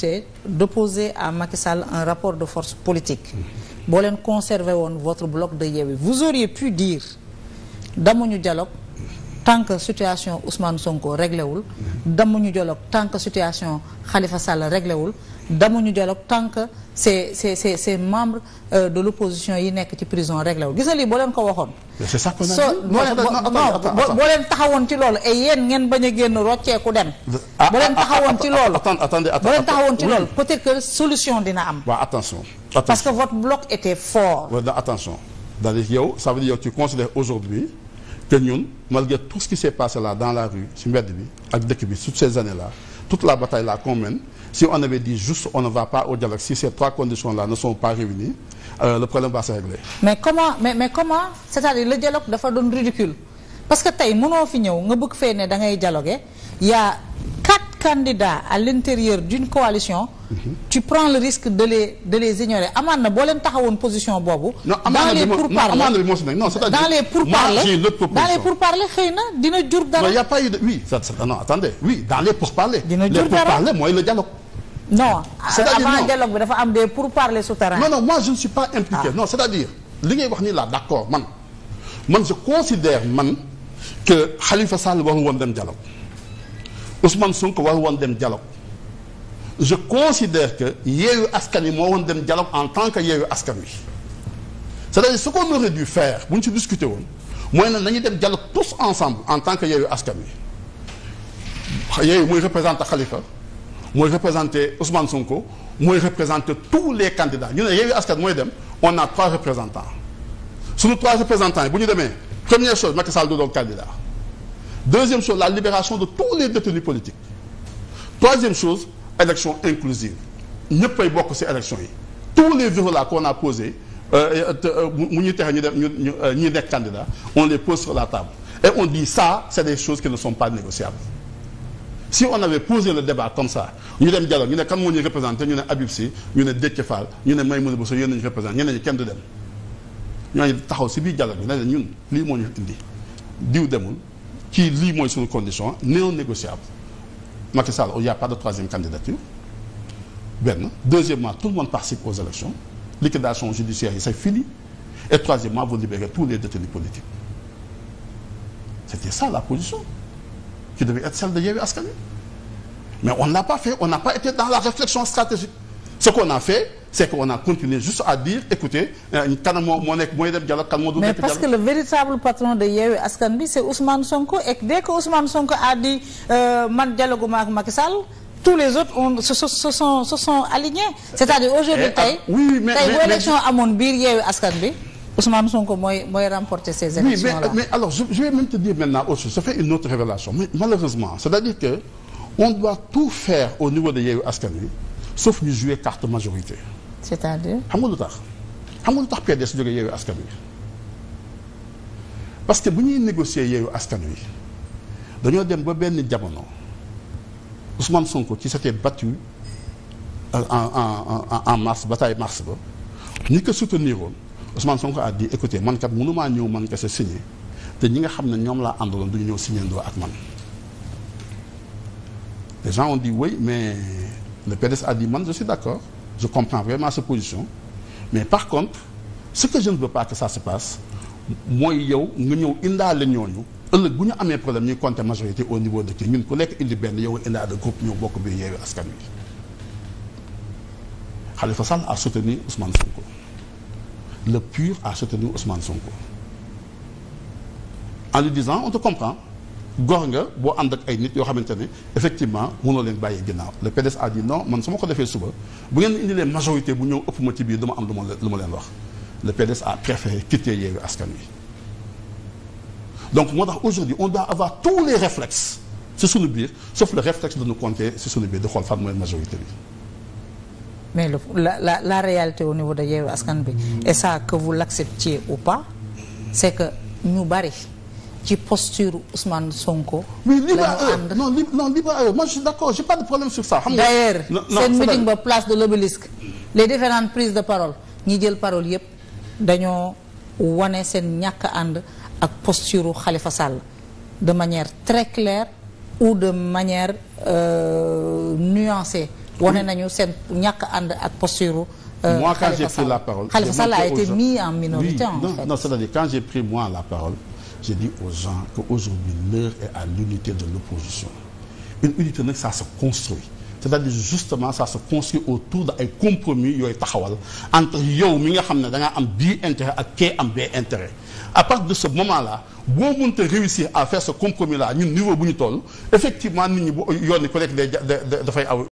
c'est d'opposer à Macky Sall un rapport de force politique boo leen conserver woon votre bloc de Yewwi vous auriez pu dire damuñu dialogue tant que situation Ousmane Sonko réglé wul. ñu dialogue tant que situation xalifa Sall réglé wul. ñu dialogue tant que ces ces ces ces membres euh, de l'opposition yi nekk ci prison réglé wul gis nga lii boo leen ko waxoon. c'est ça qu'on boo leen taxawoon ci loolu ay yéen ngeen bañ a génn rocceeku dem. Ah, boo ah, leen ah, taxawoon ci loolu. attendez boo leen taxawoon ci loolu peut-être que solution dina am. waaw attention. parce que votre bloc était fort. attention c'est-à-dire yow ça veut dire yow tu considères aujourd'hui que ñun malgré tout ce qui s'est passé là dans la rue ci mbedd bi ak dëkk bi toutes ces années là toute la bataille là qu'on mène si on avait dit juste on va pas au dialogue si ces trois conditions là ne sont pas réunies euh, le problème va se mais comment mais comment c'est-à-dire le dialogue dafa doon ridicule parce que tey fi ñëw nga bëgg fee ne da ngay dialoguer y a candidat à l'intérieur d'une coalition mm -hmm. tu prends le risque de les de les ignorer amaan na boo leen taxawoon position boobu dans les pourparlers dans les pourparlers dans les pourparlers xëy na dina jur dara il y a pas eu de oui non attendez oui dans les pourparlers dina jur dara les pourparlers mooy le dialogue non avant dialogue bi dafa am des pourparlers souterrains non non moi je ne suis pas impliqué ah. c'est-à-dire li ngay wax ni là d'accord man man je considère man que Khalifa Sall war woon dem dialogue Ousmane Sonko war woon dem dialogue je considère que Yewwi Askan yi moo woon dem dialogue en tant que Yewwi Askan Wi c'est-à-dire ce qu'on aurait dû faire bu ñu ci discuter woon mooy ne nañu dem dialogue tous ensemble en tant que Yewwi Askan Wi Yewwi muy représenté Khalifa mooy représenté Ousmane Sonko mooy représenté tous les candidats ñu ne Yewwi Askan mooy dem on a trois représentants suñu trois représentants yi bu ñu demee première chose Macky Sall du doon deuxième chose la libération de tous les détenus politiques troisième chose élection inclusive ñëpp ay bokk ci élection yi tous les violats qu'on a posés euh, euh, euh, mu ñu texe ñu def ñu ñuy nekk candidat on les pose sur la table et on dit ça c'est des choses qui ne sont pas négociables si on avait posé le débat comme ça ñu dem dialogue ñu ne kan moo ñuy représenté ñu ne Habib Sy ñu ne Déthié Fall ñu ne Maïmouna Bousso yéen nañu représenté ñeneen ñi kenn du dem ñooñu taxaw ci biir dialogue bi ne ñun lii moo ñu indi diw demul kii lii mooy suñu condition non négociable Macky Sall il y a pas de troisième candidature benn deuxièmement tout le monde participe aux élections liquidation judiciaire yi c'est fini et troisièmement vous libérez tous les détenus politiques c'était ça la position qui devait être celle de Yewwi Askan Wi mais on ne l'a pas on n'a pas été dans la réflexion stratégique ce qu'on a fait c'est qu'on a continué juste à dire écoutez euh, kan moo moo nekk mooy dem dialogue kan moo mais parce que le véritable patron de Yewwi Askan Wi c'est Ousmane Sonko et dès que Ousmane Sonko a dit euh, man dialogue ma ak Macky Sall tous les autres ont se se alignés c'est-à-dire aujourd'hui eh, ah, tey tey bu élection amoon biir Yewwi Askan Wi Ousmane Sonko mooy mooy remporter ces élections là oui mais mais alors je je vais même te dire maintenant autre chose ça une autre révélation malheureusement cest de Yewwi Askan sauf ñu jouer carte majorité. c'est-à-dire. xam nga lu tax xam nga lu tax PDS jógee yeewu askan wi parce que bu ñuy négocier yeewu askan wi dañoo dem ba benn jamono Ousmane Sonko qui s'était battu euh, en en en en mars bataille mars ba ñi ko soutenir woon Ousmane Sonko a dit écoutez man kat mënumaa ñëw man kese signé te ñi nga xam ne ñoom laa àndaloon du ñu ñëw signé ndoo ak man les gens ont dit oui le PDS a dit man je suis d'accord je comprends vraiment sa position mais par contre ce que je ne veux pas que ça se passe mooy yow nga ñëw indaale ñooñu ëllëg bu ñu amee problème ñuy compter majorité au niveau de kii ñun ku nekk indi benn yow indaale groupe ñëw ko bi yeewi askan wi Khalifa Sall a soutenu Ousmane Sonko le PUR a soutenu Ousmane Sonko en lui disant on te comprend gor nga boo ànd ak ay nit yoo xamante ne effectivement mënoo leen bàyyi ginnaaw le PDS a dit non man su ma ko defee suba bu ngeen indilee majorité bu ñëw ëpp ma ci biir dama am lu ma lu ma leen wax le PDS a préféré quitter Yewwi Askan Wi donc moo tax aujourd'hui on doit avoir tous les réflexes ci suñu biir sauf le réflexe de nous compter ci suñu biir di xool fan mooy majorité bi mais le, la, la, la réalité au niveau de Yewwi Askan Wi et ça que vous l'acceptiez ou pas c'est que ñu bari ci posture Ousmane Sonko. oui libre à eux non libre non d'accord j'ai pas de problème sur ça. xam nga d'ailleurs seen meeting ba place de l'obélisque les différentes prises de parole ñi jël parole yépp dañoo wane seen ñàkk ànd ak posture Khalifa Sall de manière très claire ou de manière euh, nuancée. wane nañu seen ñàkk ànd ak posture. Euh, moi quand la parole. a été mis en minorité en fait. je dis aux gens qu'aujourd'hui l'heure est à l'unité de l'opposition une unité nag ça se construit c'est-à-dire justement ça se construit autour de ay compromis yooyu taxawal entre yow mi nga xam ne da ngaa am bii intérêt ak kee am bee intérêt à partir de ce moment là boo mënta réussir à faire ce compromis là ñun niveau bu ñu toll effectivement nit ñi bu yoon ni nekk day dafay aw